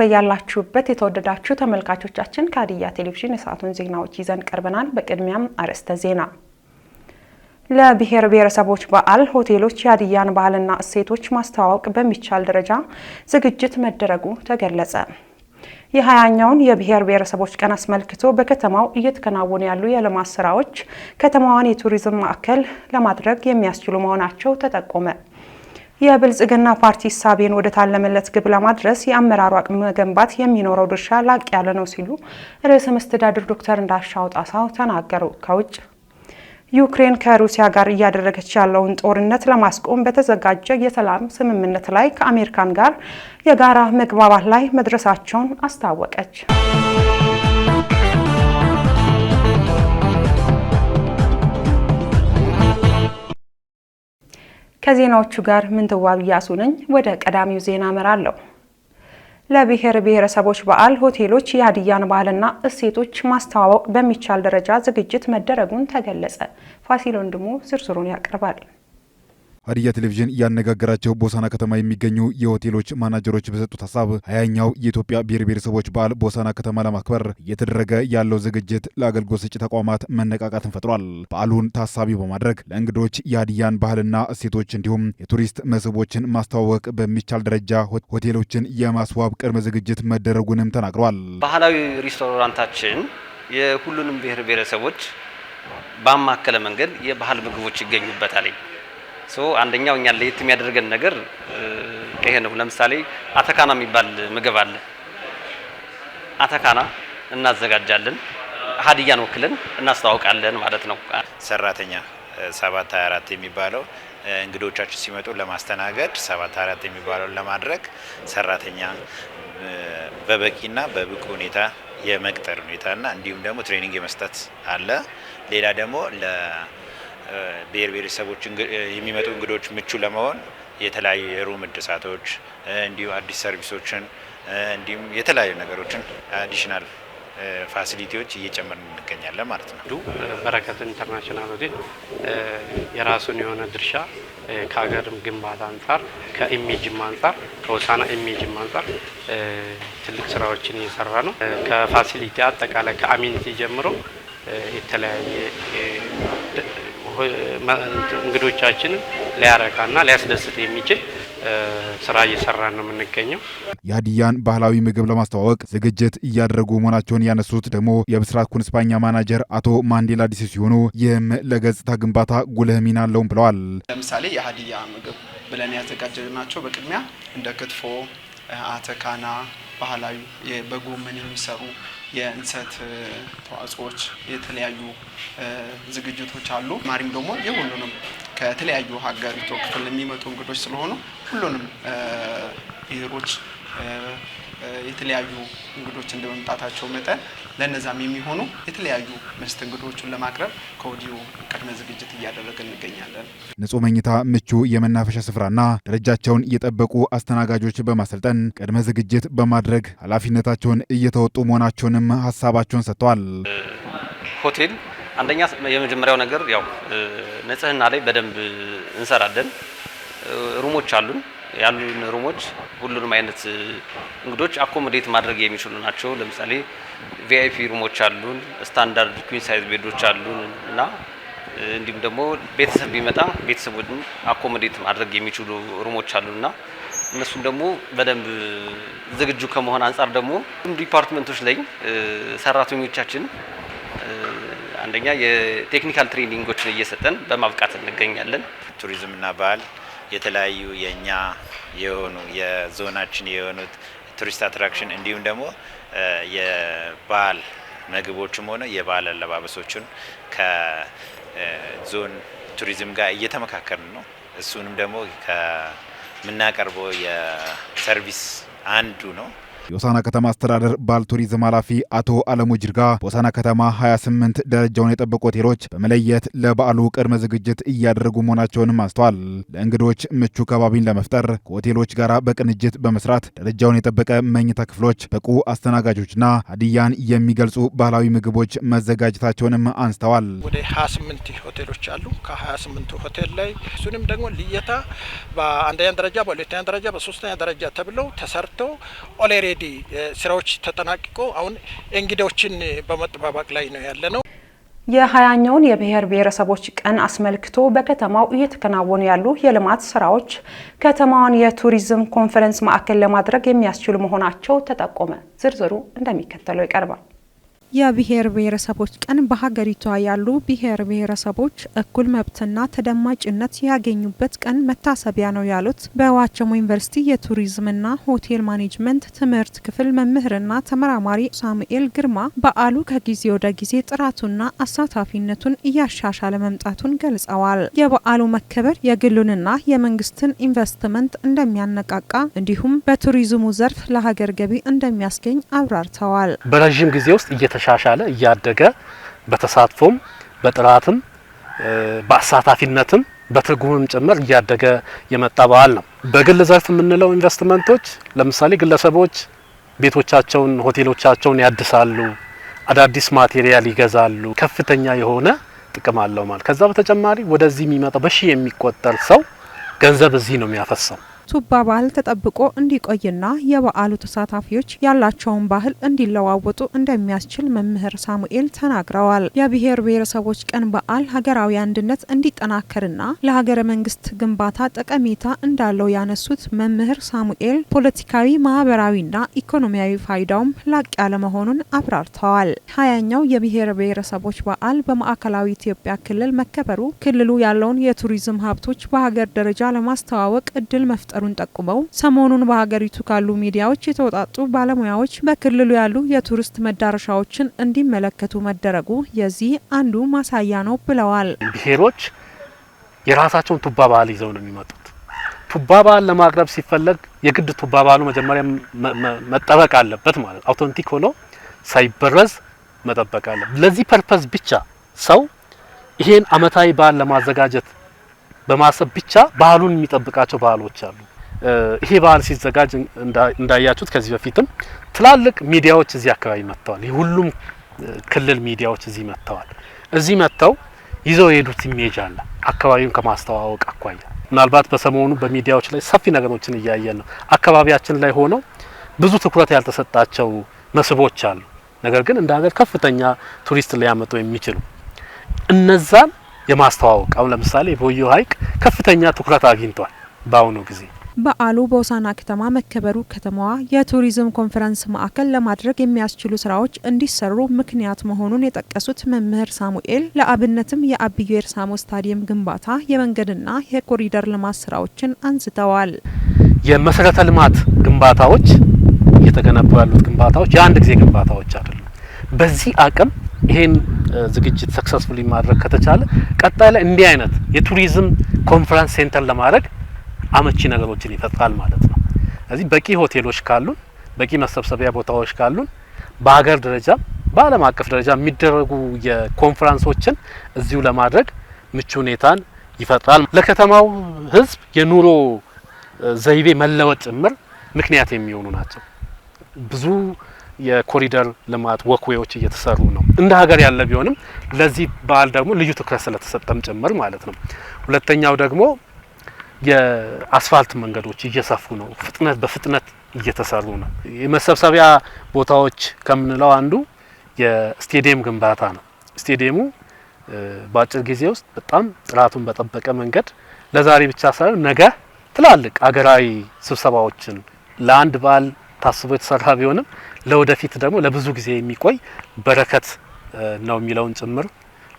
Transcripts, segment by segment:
በያላችሁበት የተወደዳችሁ ተመልካቾቻችን ከሀዲያ ቴሌቪዥን የሰዓቱን ዜናዎች ይዘን ቀርበናል። በቅድሚያም አርዕስተ ዜና። ለብሔር ብሔረሰቦች በዓል ሆቴሎች የሀዲያን ባህልና እሴቶች ማስተዋወቅ በሚቻል ደረጃ ዝግጅት መደረጉ ተገለጸ። የሀያኛውን የብሔር ብሔረሰቦች ቀን አስመልክቶ በከተማው እየተከናወኑ ያሉ የልማት ስራዎች ከተማዋን የቱሪዝም ማዕከል ለማድረግ የሚያስችሉ መሆናቸው ተጠቆመ። የብልጽግና ፓርቲ ሳቤን ወደ ታለመለት ግብ ለማድረስ የአመራሩ አቅም መገንባት የሚኖረው ድርሻ ላቅ ያለ ነው ሲሉ ርዕሰ መስተዳድር ዶክተር እንዳሻው ጣሳው ተናገሩ። ከውጭ ዩክሬን ከሩሲያ ጋር እያደረገች ያለውን ጦርነት ለማስቆም በተዘጋጀ የሰላም ስምምነት ላይ ከአሜሪካን ጋር የጋራ መግባባት ላይ መድረሳቸውን አስታወቀች። ከዜናዎቹ ጋር ምንትዋብ እያሱ ነኝ። ወደ ቀዳሚው ዜና አመራለሁ። ለብሔር ብሔረሰቦች በዓል ሆቴሎች የሀዲያን ባህልና እሴቶች ማስተዋወቅ በሚቻል ደረጃ ዝግጅት መደረጉን ተገለጸ። ፋሲል ወንድሙ ዝርዝሩን ያቀርባል። ሀዲያ ቴሌቪዥን ያነጋገራቸው ቦሳና ከተማ የሚገኙ የሆቴሎች ማናጀሮች በሰጡት ሀሳብ ሀያኛው የኢትዮጵያ ብሔር ብሔረሰቦች በዓል ቦሳና ከተማ ለማክበር እየተደረገ ያለው ዝግጅት ለአገልግሎት ሰጪ ተቋማት መነቃቃትን ፈጥሯል። በዓሉን ታሳቢ በማድረግ ለእንግዶች የሀዲያን ባህልና እሴቶች እንዲሁም የቱሪስት መስህቦችን ማስተዋወቅ በሚቻል ደረጃ ሆቴሎችን የማስዋብ ቅድመ ዝግጅት መደረጉንም ተናግረዋል። ባህላዊ ሪስቶራንታችን የሁሉንም ብሔር ብሔረሰቦች ባማከለ መንገድ የባህል ምግቦች ይገኙበታል። ሶ አንደኛው እኛ ለየት የሚያደርገን ነገር ይሄ ነው። ለምሳሌ አተካና የሚባል ምግብ አለ። አተካና እናዘጋጃለን፣ ሀዲያን ወክለን እናስተዋውቃለን ማለት ነው። ሰራተኛ 724 የሚባለው እንግዶቻችን ሲመጡ ለማስተናገድ 724 የሚባለው ለማድረግ ሰራተኛ በበቂና በብቁ ሁኔታ የመቅጠር ሁኔታና እንዲሁም ደግሞ ትሬኒንግ የመስጠት አለ። ሌላ ደግሞ ብሔር ብሔረሰቦች የሚመጡ እንግዶች ምቹ ለመሆን የተለያዩ የሩም እድሳቶች እንዲሁም አዲስ ሰርቪሶችን እንዲሁም የተለያዩ ነገሮችን አዲሽናል ፋሲሊቲዎች እየጨመርን እንገኛለን ማለት ነው። በረከት ኢንተርናሽናል ሆቴል የራሱን የሆነ ድርሻ ከሀገርም ግንባታ አንጻር ከኢሜጅም አንጻር ከውሳና ኢሜጅም አንጻር ትልቅ ስራዎችን እየሰራ ነው። ከፋሲሊቲ አጠቃላይ ከአሚኒቲ ጀምሮ የተለያየ እንግዶቻችን ሊያረካና ሊያስደስት የሚችል ስራ እየሰራ ነው የምንገኘው። የሀዲያን ባህላዊ ምግብ ለማስተዋወቅ ዝግጅት እያደረጉ መሆናቸውን ያነሱት ደግሞ የብስራት ኩንስፓኛ ማናጀር አቶ ማንዴላ ዲሲ ሲሆኑ ይህም ለገጽታ ግንባታ ጉልህ ሚና አለውም ብለዋል። ለምሳሌ የሀዲያ ምግብ ብለን ያዘጋጀናቸው በቅድሚያ እንደ ክትፎ አተካና ባህላዊ በጎመን የሚሰሩ የእንሰት ተዋጽኦዎች የተለያዩ ዝግጅቶች አሉ። ማሪም ደግሞ የሁሉንም ከተለያዩ ሀገሪቱ ክፍል የሚመጡ እንግዶች ስለሆኑ ሁሉንም ብሔሮች የተለያዩ እንግዶች እንደመምጣታቸው መጠን ለነዛም የሚሆኑ የተለያዩ መስተንግዶቹን ለማቅረብ ከወዲሁ ቅድመ ዝግጅት እያደረግን እንገኛለን። ንጹህ መኝታ፣ ምቹ የመናፈሻ ስፍራና ደረጃቸውን የጠበቁ አስተናጋጆች በማሰልጠን ቅድመ ዝግጅት በማድረግ ኃላፊነታቸውን እየተወጡ መሆናቸውንም ሀሳባቸውን ሰጥተዋል። ሆቴል አንደኛ የመጀመሪያው ነገር ያው ንጽህና ላይ በደንብ እንሰራለን። ሩሞች አሉን ያሉን ሩሞች ሁሉንም አይነት እንግዶች አኮሞዴት ማድረግ የሚችሉ ናቸው። ለምሳሌ ቪአይፒ ሩሞች አሉን፣ ስታንዳርድ ኩዊን ሳይዝ ቤዶች አሉን እና እንዲሁም ደግሞ ቤተሰብ ቢመጣ ቤተሰቡን አኮሞዴት ማድረግ የሚችሉ ሩሞች አሉ እና እነሱም ደግሞ በደንብ ዝግጁ ከመሆን አንጻር ደግሞ ዲፓርትመንቶች ላይ ሰራተኞቻችን አንደኛ የቴክኒካል ትሬኒንጎችን እየሰጠን በማብቃት እንገኛለን። ቱሪዝምና ባህል የተለያዩ የእኛ የሆኑ የዞናችን የሆኑት ቱሪስት አትራክሽን እንዲሁም ደግሞ የባህል ምግቦችም ሆነ የባህል አለባበሶችን ከዞን ቱሪዝም ጋር እየተመካከልን ነው። እሱንም ደግሞ ከምናቀርበው የሰርቪስ አንዱ ነው። የሆሳና ከተማ አስተዳደር ባል ቱሪዝም ኃላፊ አቶ አለሙ ጅርጋ በሆሳና ከተማ 28 ደረጃውን የጠበቁ ሆቴሎች በመለየት ለበዓሉ ቅድመ ዝግጅት እያደረጉ መሆናቸውንም አንስተዋል። ለእንግዶች ምቹ ከባቢን ለመፍጠር ከሆቴሎች ጋር በቅንጅት በመስራት ደረጃውን የጠበቀ መኝታ ክፍሎች፣ በቁ አስተናጋጆችና ሀዲያን የሚገልጹ ባህላዊ ምግቦች መዘጋጀታቸውንም አንስተዋል። ወደ 28 ሆቴሎች አሉ። ከ28 ሆቴል ላይ እሱንም ደግሞ ልየታ በአንደኛ ደረጃ፣ በሁለተኛ ደረጃ፣ በሶስተኛ ደረጃ ተብለው ተሰርተው ኦሌሬ ኦልሬዲ ስራዎች ተጠናቅቆ አሁን እንግዳዎችን በመጠባበቅ ላይ ነው ያለ ነው። የሀያኛውን የብሔር ብሔረሰቦች ቀን አስመልክቶ በከተማው እየተከናወኑ ያሉ የልማት ስራዎች ከተማዋን የቱሪዝም ኮንፈረንስ ማዕከል ለማድረግ የሚያስችሉ መሆናቸው ተጠቆመ። ዝርዝሩ እንደሚከተለው ይቀርባል። የብሔር ብሔረሰቦች ቀን በሀገሪቷ ያሉ ብሔር ብሔረሰቦች እኩል መብትና ተደማጭነት ያገኙበት ቀን መታሰቢያ ነው ያሉት በዋቸሞ ዩኒቨርሲቲ የቱሪዝምና ሆቴል ማኔጅመንት ትምህርት ክፍል መምህርና ተመራማሪ ሳሙኤል ግርማ በዓሉ ከጊዜ ወደ ጊዜ ጥራቱና አሳታፊነቱን እያሻሻለ መምጣቱን ገልጸዋል። የበዓሉ መከበር የግሉንና የመንግስትን ኢንቨስትመንት እንደሚያነቃቃ እንዲሁም በቱሪዝሙ ዘርፍ ለሀገር ገቢ እንደሚያስገኝ አብራርተዋል። በረዥም ጊዜ ውስጥ እየተሻሻለ እያደገ በተሳትፎም በጥራትም በአሳታፊነትም በትርጉምም ጭምር እያደገ የመጣ በዓል ነው። በግል ዘርፍ የምንለው ኢንቨስትመንቶች ለምሳሌ ግለሰቦች ቤቶቻቸውን፣ ሆቴሎቻቸውን ያድሳሉ፣ አዳዲስ ማቴሪያል ይገዛሉ። ከፍተኛ የሆነ ጥቅም አለው ማለት። ከዛ በተጨማሪ ወደዚህ የሚመጣው በሺ የሚቆጠር ሰው ገንዘብ እዚህ ነው የሚያፈሰው። ሱባ ባህል ተጠብቆ እንዲቆይና የበዓሉ ተሳታፊዎች ያላቸውን ባህል እንዲለዋወጡ እንደሚያስችል መምህር ሳሙኤል ተናግረዋል። የብሔር ብሔረሰቦች ቀን በዓል ሀገራዊ አንድነት እንዲጠናከርና ለሀገረ መንግስት ግንባታ ጠቀሜታ እንዳለው ያነሱት መምህር ሳሙኤል ፖለቲካዊ፣ ማህበራዊና ኢኮኖሚያዊ ፋይዳውም ላቅ ያለ መሆኑን አብራርተዋል። ሀያኛው የብሔር ብሔረሰቦች በዓል በማዕከላዊ ኢትዮጵያ ክልል መከበሩ ክልሉ ያለውን የቱሪዝም ሀብቶች በሀገር ደረጃ ለማስተዋወቅ እድል መፍጠሩ መፈጠሩን ጠቁመው ሰሞኑን በሀገሪቱ ካሉ ሚዲያዎች የተውጣጡ ባለሙያዎች በክልሉ ያሉ የቱሪስት መዳረሻዎችን እንዲመለከቱ መደረጉ የዚህ አንዱ ማሳያ ነው ብለዋል። ብሔሮች የራሳቸውን ቱባ ባህል ይዘው ነው የሚመጡት። ቱባ ባህል ለማቅረብ ሲፈለግ የግድ ቱባ ባህሉ መጀመሪያ መጠበቅ አለበት ማለት አውቶንቲክ ሆኖ ሳይበረዝ መጠበቅ አለ። ለዚህ ፐርፐዝ ብቻ ሰው ይሄን አመታዊ በዓል ለማዘጋጀት በማሰብ ብቻ ባህሉን የሚጠብቃቸው ባህሎች አሉ። ይሄ በዓል ሲዘጋጅ እንዳያችሁት ከዚህ በፊትም ትላልቅ ሚዲያዎች እዚህ አካባቢ መጥተዋል። የሁሉም ክልል ሚዲያዎች እዚህ መጥተዋል። እዚህ መጥተው ይዘው የሄዱት ኢሜጅ አለ አካባቢውን ከማስተዋወቅ አኳያ። ምናልባት በሰሞኑ በሚዲያዎች ላይ ሰፊ ነገሮችን እያየን ነው። አካባቢያችን ላይ ሆነው ብዙ ትኩረት ያልተሰጣቸው መስህቦች አሉ። ነገር ግን እንደ ሀገር ከፍተኛ ቱሪስት ሊያመጡ የሚችሉ እነዛን የማስተዋወቅ አሁን ለምሳሌ የቦዮ ሐይቅ ከፍተኛ ትኩረት አግኝቷል በአሁኑ ጊዜ በዓሉ በሆሳዕና ከተማ መከበሩ ከተማዋ የቱሪዝም ኮንፈረንስ ማዕከል ለማድረግ የሚያስችሉ ስራዎች እንዲሰሩ ምክንያት መሆኑን የጠቀሱት መምህር ሳሙኤል ለአብነትም የአብዮኤር ሳሞ ስታዲየም ግንባታ፣ የመንገድና የኮሪደር ልማት ስራዎችን አንስተዋል። የመሰረተ ልማት ግንባታዎች እየተገነቡ ያሉት ግንባታዎች የአንድ ጊዜ ግንባታዎች አይደሉም። በዚህ አቅም ይሄን ዝግጅት ሰክሰስፉሊ ማድረግ ከተቻለ ቀጣይ ላይ እንዲህ አይነት የቱሪዝም ኮንፈረንስ ሴንተር ለማድረግ አመቺ ነገሮችን ይፈጥራል ማለት ነው። ስለዚህ በቂ ሆቴሎች ካሉን፣ በቂ መሰብሰቢያ ቦታዎች ካሉን በሀገር ደረጃ በዓለም አቀፍ ደረጃ የሚደረጉ የኮንፈረንሶችን እዚሁ ለማድረግ ምቹ ሁኔታን ይፈጥራል። ለከተማው ሕዝብ የኑሮ ዘይቤ መለወጥ ጭምር ምክንያት የሚሆኑ ናቸው። ብዙ የኮሪደር ልማት ወክዌዎች እየተሰሩ ነው እንደ ሀገር ያለ ቢሆንም ለዚህ በዓል ደግሞ ልዩ ትኩረት ስለተሰጠም ጭምር ማለት ነው። ሁለተኛው ደግሞ የአስፋልት መንገዶች እየሰፉ ነው። ፍጥነት በፍጥነት እየተሰሩ ነው። የመሰብሰቢያ ቦታዎች ከምንለው አንዱ የስቴዲየም ግንባታ ነው። ስቴዲየሙ በአጭር ጊዜ ውስጥ በጣም ጥራቱን በጠበቀ መንገድ ለዛሬ ብቻ ሳይሆን ነገ ትላልቅ አገራዊ ስብሰባዎችን ለአንድ በዓል ታስቦ የተሰራ ቢሆንም ለወደፊት ደግሞ ለብዙ ጊዜ የሚቆይ በረከት ነው የሚለውን ጭምር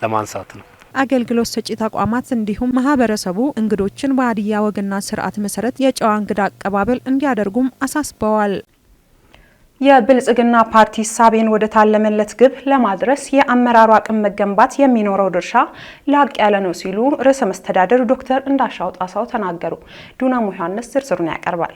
ለማንሳት ነው። አገልግሎት ሰጪ ተቋማት እንዲሁም ማህበረሰቡ እንግዶችን በሀዲያ ወግና ስርዓት መሰረት የጨዋ እንግዳ አቀባበል እንዲያደርጉም አሳስበዋል። የብልጽግና ፓርቲ ሳቤን ወደ ታለመለት ግብ ለማድረስ የአመራሩ አቅም መገንባት የሚኖረው ድርሻ ላቅ ያለ ነው ሲሉ ርዕሰ መስተዳደር ዶክተር እንዳሻው ጣሳው ተናገሩ። ዱናሙ ዮሐንስ ዝርዝሩን ያቀርባል።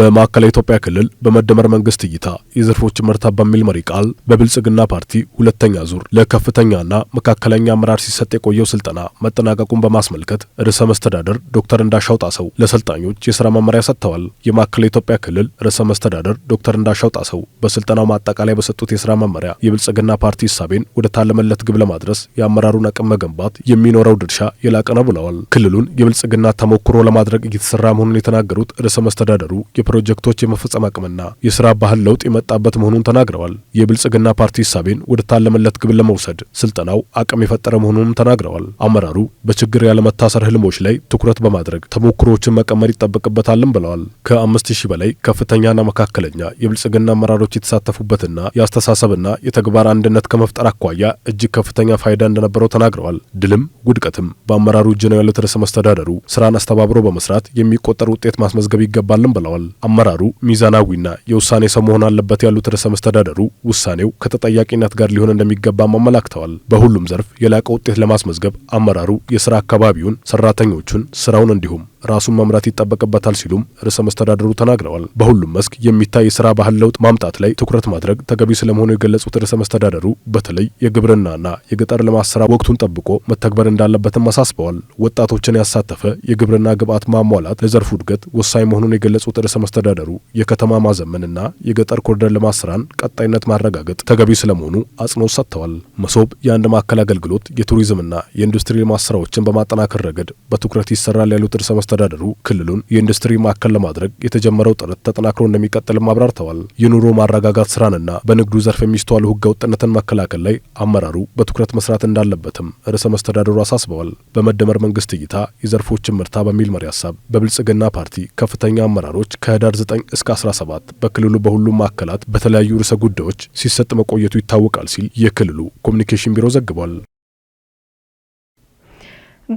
በማዕከላዊ ኢትዮጵያ ክልል በመደመር መንግስት እይታ የዘርፎች እመርታ በሚል መሪ ቃል በብልጽግና ፓርቲ ሁለተኛ ዙር ለከፍተኛና መካከለኛ አመራር ሲሰጥ የቆየው ስልጠና መጠናቀቁን በማስመልከት ርዕሰ መስተዳደር ዶክተር እንዳሻው ጣሰው ለሰልጣኞች የስራ መመሪያ ሰጥተዋል። የማዕከላዊ ኢትዮጵያ ክልል ርዕሰ መስተዳደር ዶክተር እንዳሻው ጣሰው በስልጠናው ማጠቃላይ በሰጡት የስራ መመሪያ የብልጽግና ፓርቲ እሳቤን ወደ ታለመለት ግብ ለማድረስ የአመራሩን አቅም መገንባት የሚኖረው ድርሻ የላቀ ነው ብለዋል። ክልሉን የብልጽግና ተሞክሮ ለማድረግ እየተሰራ መሆኑን የተናገሩት ርዕሰ መስተዳደሩ የፕሮጀክቶች የመፈጸም አቅምና የስራ ባህል ለውጥ የመጣበት መሆኑን ተናግረዋል። የብልጽግና ፓርቲ ሳቤን ወደ ታለመለት ግብ ለመውሰድ ስልጠናው አቅም የፈጠረ መሆኑንም ተናግረዋል። አመራሩ በችግር ያለመታሰር ህልሞች ላይ ትኩረት በማድረግ ተሞክሮዎችን መቀመር ይጠበቅበታልም ብለዋል። ከአምስት ሺህ በላይ ከፍተኛና መካከለኛ የብልጽግና አመራሮች የተሳተፉበትና የአስተሳሰብና የተግባር አንድነት ከመፍጠር አኳያ እጅግ ከፍተኛ ፋይዳ እንደነበረው ተናግረዋል። ድልም ውድቀትም በአመራሩ እጅ ነው ያሉት ርዕሰ መስተዳደሩ ስራን አስተባብሮ በመስራት የሚቆጠር ውጤት ማስመዝገብ ይገባልም ብለዋል። አመራሩ ሚዛናዊና የውሳኔ ሰው መሆን አለበት ያሉት ርዕሰ መስተዳደሩ ውሳኔው ከተጠያቂነት ጋር ሊሆን እንደሚገባም አመላክተዋል። በሁሉም ዘርፍ የላቀ ውጤት ለማስመዝገብ አመራሩ የስራ አካባቢውን፣ ሰራተኞቹን፣ ስራውን እንዲሁም ራሱን መምራት ይጠበቅበታል ሲሉም ርዕሰ መስተዳድሩ ተናግረዋል። በሁሉም መስክ የሚታይ የስራ ባህል ለውጥ ማምጣት ላይ ትኩረት ማድረግ ተገቢ ስለመሆኑ የገለጹት ርዕሰ መስተዳድሩ በተለይ የግብርናና የገጠር ልማት ስራ ወቅቱን ጠብቆ መተግበር እንዳለበትም አሳስበዋል። ወጣቶችን ያሳተፈ የግብርና ግብዓት ማሟላት ለዘርፉ እድገት ወሳኝ መሆኑን የገለጹት ርዕሰ መስተዳደሩ የከተማ ማዘመንና የገጠር ኮሪደር ልማት ስራን ቀጣይነት ማረጋገጥ ተገቢ ስለመሆኑ አጽንኦት ሰጥተዋል። መሶብ የአንድ ማዕከል አገልግሎት የቱሪዝምና የኢንዱስትሪ ልማት ስራዎችን በማጠናከር ረገድ በትኩረት ይሰራል ያሉት ርዕሰ አስተዳደሩ ክልሉን የኢንዱስትሪ ማዕከል ለማድረግ የተጀመረው ጥረት ተጠናክሮ እንደሚቀጥልም አብራርተዋል። የኑሮ ማረጋጋት ስራንና በንግዱ ዘርፍ የሚስተዋሉ ውጥነትን መከላከል ላይ አመራሩ በትኩረት መስራት እንዳለበትም ርዕሰ መስተዳደሩ አሳስበዋል። በመደመር መንግስት እይታ የዘርፎችን ምርታ በሚል መሪ ሀሳብ በብልጽግና ፓርቲ ከፍተኛ አመራሮች ከህዳር 9 እስከ 17 በክልሉ በሁሉም ማዕከላት በተለያዩ ርዕሰ ጉዳዮች ሲሰጥ መቆየቱ ይታወቃል ሲል የክልሉ ኮሚኒኬሽን ቢሮ ዘግቧል።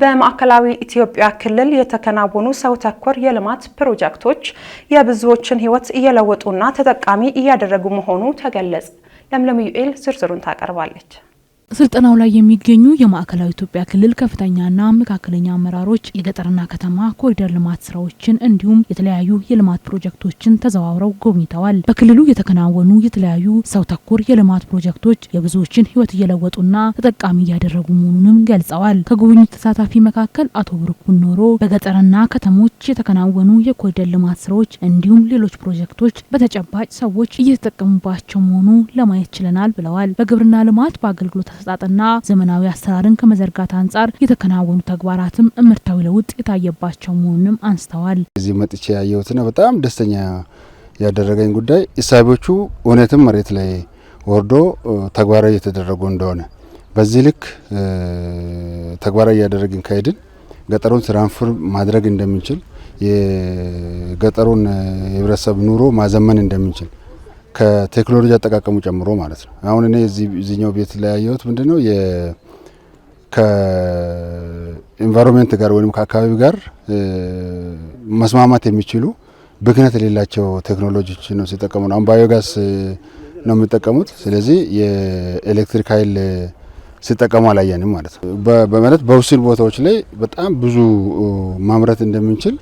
በማዕከላዊ ኢትዮጵያ ክልል የተከናወኑ ሰው ተኮር የልማት ፕሮጀክቶች የብዙዎችን ሕይወት እየለወጡና ተጠቃሚ እያደረጉ መሆኑ ተገለጸ። ለምለም ዩኤል ዝርዝሩን ታቀርባለች። ስልጠናው ላይ የሚገኙ የማዕከላዊ ኢትዮጵያ ክልል ከፍተኛና መካከለኛ አመራሮች የገጠርና ከተማ ኮሪደር ልማት ስራዎችን እንዲሁም የተለያዩ የልማት ፕሮጀክቶችን ተዘዋውረው ጎብኝተዋል። በክልሉ የተከናወኑ የተለያዩ ሰው ተኮር የልማት ፕሮጀክቶች የብዙዎችን ሕይወት እየለወጡና ተጠቃሚ እያደረጉ መሆኑንም ገልጸዋል። ከጉብኝት ተሳታፊ መካከል አቶ ብርኩን ኖሮ በገጠርና ከተሞች የተከናወኑ የኮሪደር ልማት ስራዎች እንዲሁም ሌሎች ፕሮጀክቶች በተጨባጭ ሰዎች እየተጠቀሙባቸው መሆኑ ለማየት ችለናል ብለዋል። በግብርና ልማት በአገልግሎት አሰጣጥና ዘመናዊ አሰራርን ከመዘርጋት አንጻር የተከናወኑ ተግባራትም እምርታዊ ለውጥ የታየባቸው መሆኑንም አንስተዋል። እዚህ መጥቼ ያየሁትና በጣም ደስተኛ ያደረገኝ ጉዳይ እሳቢዎቹ እውነትም መሬት ላይ ወርዶ ተግባራዊ እየተደረጉ እንደሆነ በዚህ ልክ ተግባራዊ እያደረግን ከሄድን ገጠሩን ትራንስፎር ማድረግ እንደምንችል የገጠሩን የህብረተሰብ ኑሮ ማዘመን እንደምንችል ከቴክኖሎጂ አጠቃቀሙ ጨምሮ ማለት ነው። አሁን እኔ እዚህኛው ቤት ላይ ያየሁት ምንድን ነው ከኤንቫይሮንሜንት ጋር ወይም ከአካባቢ ጋር መስማማት የሚችሉ ብክነት የሌላቸው ቴክኖሎጂዎች ነው ሲጠቀሙ ነው። አሁን ባዮጋስ ነው የሚጠቀሙት። ስለዚህ የኤሌክትሪክ ኃይል ሲጠቀሙ አላየንም ማለት ነው። በማለት በውስን ቦታዎች ላይ በጣም ብዙ ማምረት እንደምንችል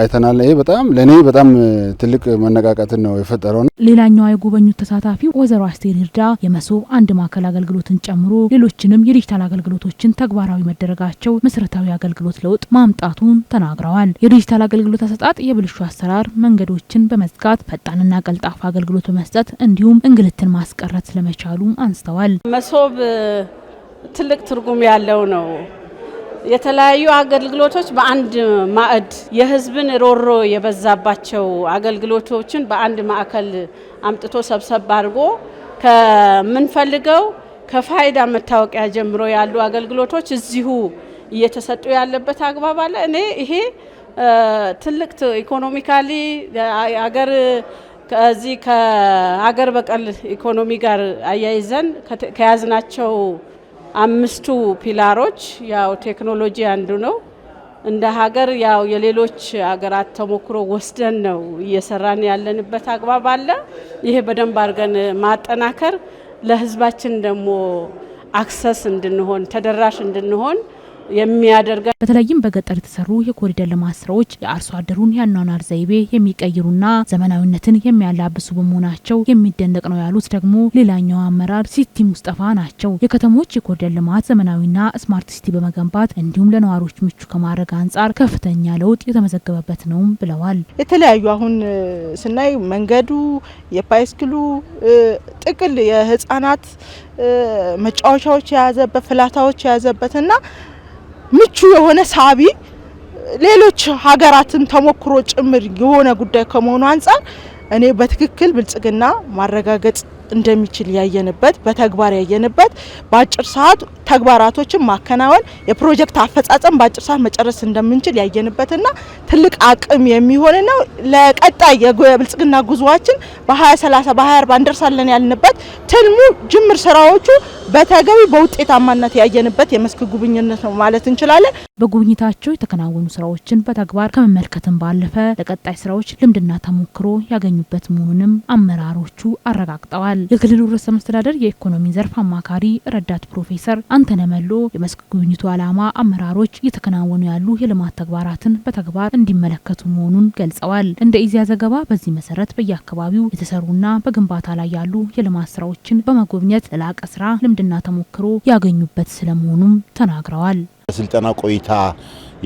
አይተናል። ይሄ በጣም ለእኔ በጣም ትልቅ መነቃቃትን ነው የፈጠረው። ሌላኛዋ የጎበኙት ተሳታፊ ወይዘሮ አስቴር ይርዳ የመሶብ አንድ ማዕከል አገልግሎትን ጨምሮ ሌሎችንም የዲጂታል አገልግሎቶችን ተግባራዊ መደረጋቸው መሰረታዊ አገልግሎት ለውጥ ማምጣቱን ተናግረዋል። የዲጂታል አገልግሎት አሰጣጥ የብልሹ አሰራር መንገዶችን በመዝጋት ፈጣንና ቀልጣፋ አገልግሎት በመስጠት እንዲሁም እንግልትን ማስቀረት ስለመቻሉ አንስተዋል። መሶብ ትልቅ ትርጉም ያለው ነው። የተለያዩ አገልግሎቶች በአንድ ማዕድ የህዝብን ሮሮ የበዛባቸው አገልግሎቶችን በአንድ ማዕከል አምጥቶ ሰብሰብ አድርጎ ከምንፈልገው ከፋይዳ መታወቂያ ጀምሮ ያሉ አገልግሎቶች እዚሁ እየተሰጡ ያለበት አግባብ አለ። እኔ ይሄ ትልቅ ኢኮኖሚካሊ አገር ከዚህ ከሀገር በቀል ኢኮኖሚ ጋር አያይዘን ከያዝናቸው አምስቱ ፒላሮች ያው ቴክኖሎጂ አንዱ ነው። እንደ ሀገር ያው የሌሎች ሀገራት ተሞክሮ ወስደን ነው እየሰራን ያለንበት አግባብ አለ። ይሄ በደንብ አድርገን ማጠናከር ለህዝባችን ደግሞ አክሰስ እንድንሆን ተደራሽ እንድንሆን የሚያደርገ በተለይም በገጠር የተሰሩ የኮሪደር ልማት ስራዎች የአርሶ አደሩን የአኗኗር ዘይቤ የሚቀይሩና ዘመናዊነትን የሚያላብሱ በመሆናቸው የሚደነቅ ነው ያሉት ደግሞ ሌላኛው አመራር ሲቲ ሙስጠፋ ናቸው። የከተሞች የኮሪደር ልማት ዘመናዊና ስማርት ሲቲ በመገንባት እንዲሁም ለነዋሪዎች ምቹ ከማድረግ አንጻር ከፍተኛ ለውጥ የተመዘገበበት ነው ብለዋል። የተለያዩ አሁን ስናይ መንገዱ፣ የፓይስክሉ ጥቅል የህፃናት መጫወቻዎች የያዘበት ፍላታዎች የያዘበትና ምቹ የሆነ ሳቢ ሌሎች ሀገራትን ተሞክሮ ጭምር የሆነ ጉዳይ ከመሆኑ አንጻር እኔ በትክክል ብልጽግና ማረጋገጥ እንደሚችል ያየንበት በተግባር ያየንበት በአጭር ሰዓት ተግባራቶችን ማከናወን የፕሮጀክት አፈጻጸም በአጭር ሰዓት መጨረስ እንደምንችል ያየንበትና ትልቅ አቅም የሚሆን ነው። ለቀጣይ የብልጽግና ጉዟችን በ2030 በ2040 እንደርሳለን ያልንበት ትልሙ ጅምር ስራዎቹ በተገቢ በውጤታማነት ያየንበት የመስክ ጉብኝነት ነው ማለት እንችላለን። በጉብኝታቸው የተከናወኑ ስራዎችን በተግባር ከመመልከትም ባለፈ ለቀጣይ ስራዎች ልምድና ተሞክሮ ያገኙበት መሆኑንም አመራሮቹ አረጋግጠዋል። የክልሉ ርዕሰ መስተዳደር የኢኮኖሚ ዘርፍ አማካሪ ረዳት ፕሮፌሰር አንተነህ ተነመሎ የመስክ ጉብኝቱ ዓላማ አመራሮች እየተከናወኑ ያሉ የልማት ተግባራትን በተግባር እንዲመለከቱ መሆኑን ገልጸዋል። እንደ ኢዜአ ዘገባ በዚህ መሰረት በየአካባቢው የተሰሩና በግንባታ ላይ ያሉ የልማት ስራዎችን በመጎብኘት ለላቀ ስራ ልምድና ተሞክሮ ያገኙበት ስለመሆኑም ተናግረዋል። በስልጠና ቆይታ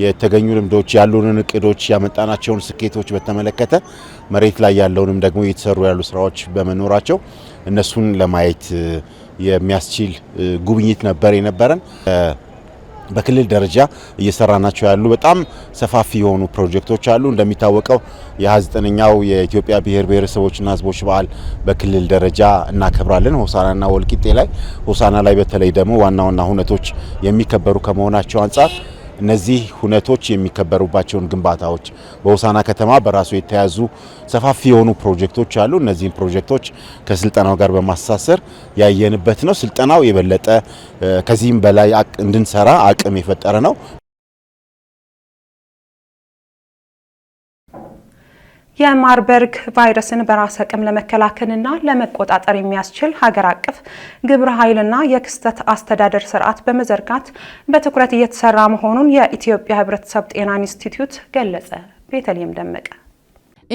የተገኙ ልምዶች ያሉንን እቅዶች ያመጣናቸውን ስኬቶች በተመለከተ መሬት ላይ ያለውንም ደግሞ እየተሰሩ ያሉ ስራዎች በመኖራቸው እነሱን ለማየት የሚያስችል ጉብኝት ነበር የነበረን። በክልል ደረጃ እየሰራናቸው ያሉ በጣም ሰፋፊ የሆኑ ፕሮጀክቶች አሉ። እንደሚታወቀው የ29ኛው የኢትዮጵያ ብሔር ብሔረሰቦችና ሕዝቦች በዓል በክልል ደረጃ እናከብራለን። ሆሳናና ወልቂጤ ላይ ሆሳና ላይ በተለይ ደግሞ ዋና ዋና ሁነቶች የሚከበሩ ከመሆናቸው አንጻር እነዚህ ሁነቶች የሚከበሩባቸውን ግንባታዎች በሆሳዕና ከተማ በራሱ የተያዙ ሰፋፊ የሆኑ ፕሮጀክቶች አሉ። እነዚህን ፕሮጀክቶች ከስልጠናው ጋር በማሳሰር ያየንበት ነው። ስልጠናው የበለጠ ከዚህም በላይ እንድንሰራ አቅም የፈጠረ ነው። የማርበርግ ቫይረስን በራስ አቅም ለመከላከልና ለመቆጣጠር የሚያስችል ሀገር አቀፍ ግብረ ኃይልና የክስተት አስተዳደር ስርዓት በመዘርጋት በትኩረት እየተሰራ መሆኑን የኢትዮጵያ ሕብረተሰብ ጤና ኢንስቲትዩት ገለጸ። ቤተልሔም ደመቀ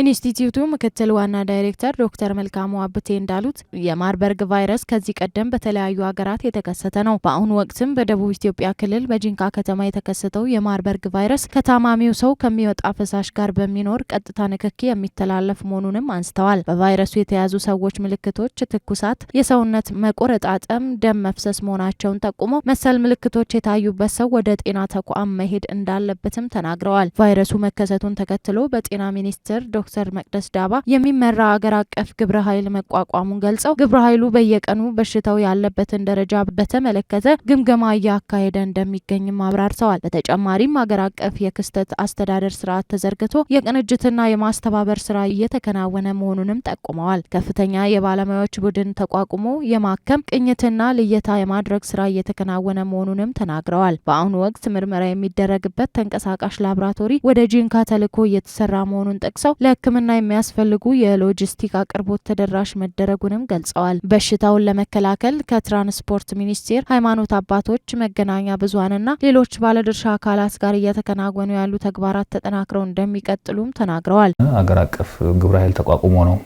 ኢንስቲትዩቱ ምክትል ዋና ዳይሬክተር ዶክተር መልካሙ አብቴ እንዳሉት የማርበርግ ቫይረስ ከዚህ ቀደም በተለያዩ ሀገራት የተከሰተ ነው። በአሁኑ ወቅትም በደቡብ ኢትዮጵያ ክልል በጂንካ ከተማ የተከሰተው የማርበርግ ቫይረስ ከታማሚው ሰው ከሚወጣ ፈሳሽ ጋር በሚኖር ቀጥታ ንክኪ የሚተላለፍ መሆኑንም አንስተዋል። በቫይረሱ የተያዙ ሰዎች ምልክቶች ትኩሳት፣ የሰውነት መቆረጣጠም፣ ደም መፍሰስ መሆናቸውን ጠቁሞ መሰል ምልክቶች የታዩበት ሰው ወደ ጤና ተቋም መሄድ እንዳለበትም ተናግረዋል። ቫይረሱ መከሰቱን ተከትሎ በጤና ሚኒስቴር ዶክተር መቅደስ ዳባ የሚመራ አገር አቀፍ ግብረ ኃይል መቋቋሙን ገልጸው ግብረ ኃይሉ በየቀኑ በሽታው ያለበትን ደረጃ በተመለከተ ግምገማ እያካሄደ እንደሚገኝም አብራርተዋል። በተጨማሪም አገር አቀፍ የክስተት አስተዳደር ስርዓት ተዘርግቶ የቅንጅትና የማስተባበር ስራ እየተከናወነ መሆኑንም ጠቁመዋል። ከፍተኛ የባለሙያዎች ቡድን ተቋቁሞ የማከም ቅኝትና ልየታ የማድረግ ስራ እየተከናወነ መሆኑንም ተናግረዋል። በአሁኑ ወቅት ምርመራ የሚደረግበት ተንቀሳቃሽ ላብራቶሪ ወደ ጂንካ ተልኮ እየተሰራ መሆኑን ጠቅሰው ለሕክምና የሚያስፈልጉ የሎጂስቲክ አቅርቦት ተደራሽ መደረጉንም ገልጸዋል። በሽታውን ለመከላከል ከትራንስፖርት ሚኒስቴር፣ ሃይማኖት አባቶች፣ መገናኛ ብዙሀንና ሌሎች ባለድርሻ አካላት ጋር እየተከናወኑ ያሉ ተግባራት ተጠናክረው እንደሚቀጥሉም ተናግረዋል። አገር አቀፍ ግብረ ኃይል ተቋቁሞ ነው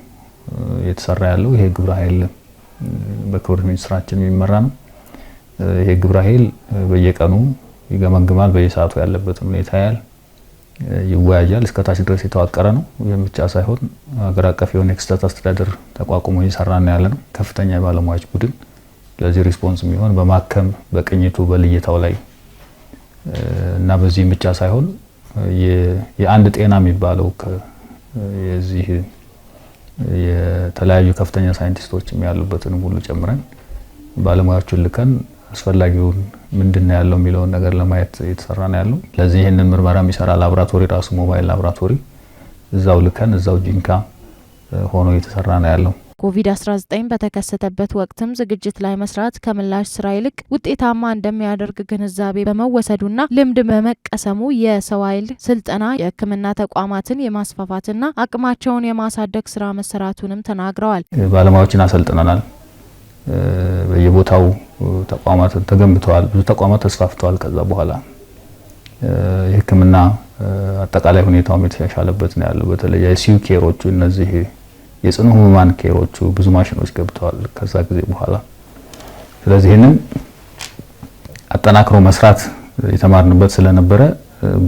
የተሰራ ያለው። ይሄ ግብረ ኃይል በክብር ሚኒስትራችን የሚመራ ነው። ይሄ ግብረ ኃይል በየቀኑ ይገመግማል። በየሰዓቱ ያለበትን ሁኔታ ያል ይወያያል። እስከ ታች ድረስ የተዋቀረ ነው። ይህም ብቻ ሳይሆን ሀገር አቀፍ የሆነ የክስተት አስተዳደር ተቋቁሞ እየሰራን ያለ ነው። ከፍተኛ የባለሙያዎች ቡድን ለዚህ ሪስፖንስ የሚሆን በማከም በቅኝቱ በልየታው ላይ እና በዚህም ብቻ ሳይሆን የአንድ ጤና የሚባለው የዚህ የተለያዩ ከፍተኛ ሳይንቲስቶችም ያሉበትን ሁሉ ጨምረን ባለሙያዎቹን ልከን አስፈላጊውን ምንድን ነው ያለው የሚለውን ነገር ለማየት የተሰራ ነው ያለው። ለዚህ ይህንን ምርመራ የሚሰራ ላብራቶሪ ራሱ ሞባይል ላብራቶሪ እዛው ልከን እዛው ጂንካ ሆኖ የተሰራ ነው ያለው። ኮቪድ-19 በተከሰተበት ወቅትም ዝግጅት ላይ መስራት ከምላሽ ስራ ይልቅ ውጤታማ እንደሚያደርግ ግንዛቤ በመወሰዱና ልምድ በመቀሰሙ የሰው ኃይል ስልጠና፣ የሕክምና ተቋማትን የማስፋፋትና አቅማቸውን የማሳደግ ስራ መሰራቱንም ተናግረዋል። ባለሙያዎችን አሰልጥነናል። በየቦታው ተቋማት ተገንብተዋል። ብዙ ተቋማት ተስፋፍተዋል። ከዛ በኋላ የሕክምና አጠቃላይ ሁኔታውም የተሻሻለበት ነው ያለው። በተለይ የሲዩ ኬሮቹ እነዚህ የጽኑ ህሙማን ኬሮቹ ብዙ ማሽኖች ገብተዋል ከዛ ጊዜ በኋላ። ስለዚህ ይህንን አጠናክሮ መስራት የተማርንበት ስለነበረ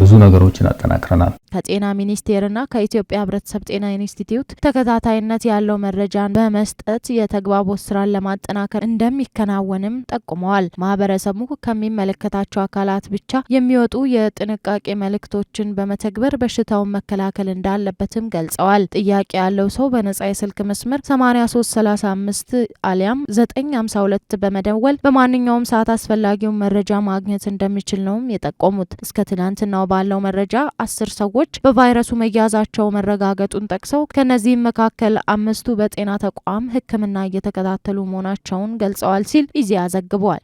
ብዙ ነገሮችን አጠናክረናል። ከጤና ሚኒስቴርና ከኢትዮጵያ ሕብረተሰብ ጤና ኢንስቲትዩት ተከታታይነት ያለው መረጃን በመስጠት የተግባቦት ስራን ለማጠናከር እንደሚከናወንም ጠቁመዋል። ማህበረሰቡ ከሚመለከታቸው አካላት ብቻ የሚወጡ የጥንቃቄ መልእክቶችን በመተግበር በሽታውን መከላከል እንዳለበትም ገልጸዋል። ጥያቄ ያለው ሰው በነጻ የስልክ መስመር 8335 አሊያም 952 በመደወል በማንኛውም ሰዓት አስፈላጊውን መረጃ ማግኘት እንደሚችል ነውም የጠቆሙት እስከ ትናንት ትናንትናው ባለው መረጃ አስር ሰዎች በቫይረሱ መያዛቸው መረጋገጡን ጠቅሰው ከእነዚህም መካከል አምስቱ በጤና ተቋም ሕክምና እየተከታተሉ መሆናቸውን ገልጸዋል ሲል ኢዜአ ዘግቧል።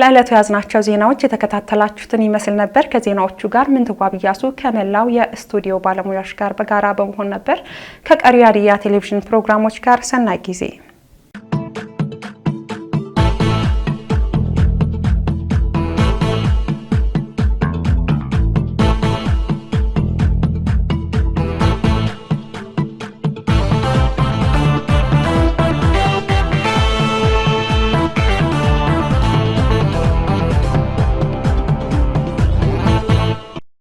ለዕለቱ ያዝናቸው ዜናዎች የተከታተላችሁትን ይመስል ነበር። ከዜናዎቹ ጋር ምንትዋብ እያሱ ከመላው የስቱዲዮ ባለሙያዎች ጋር በጋራ በመሆን ነበር። ከቀሪ ቴሌቪዥን ፕሮግራሞች ጋር ሰናይ ጊዜ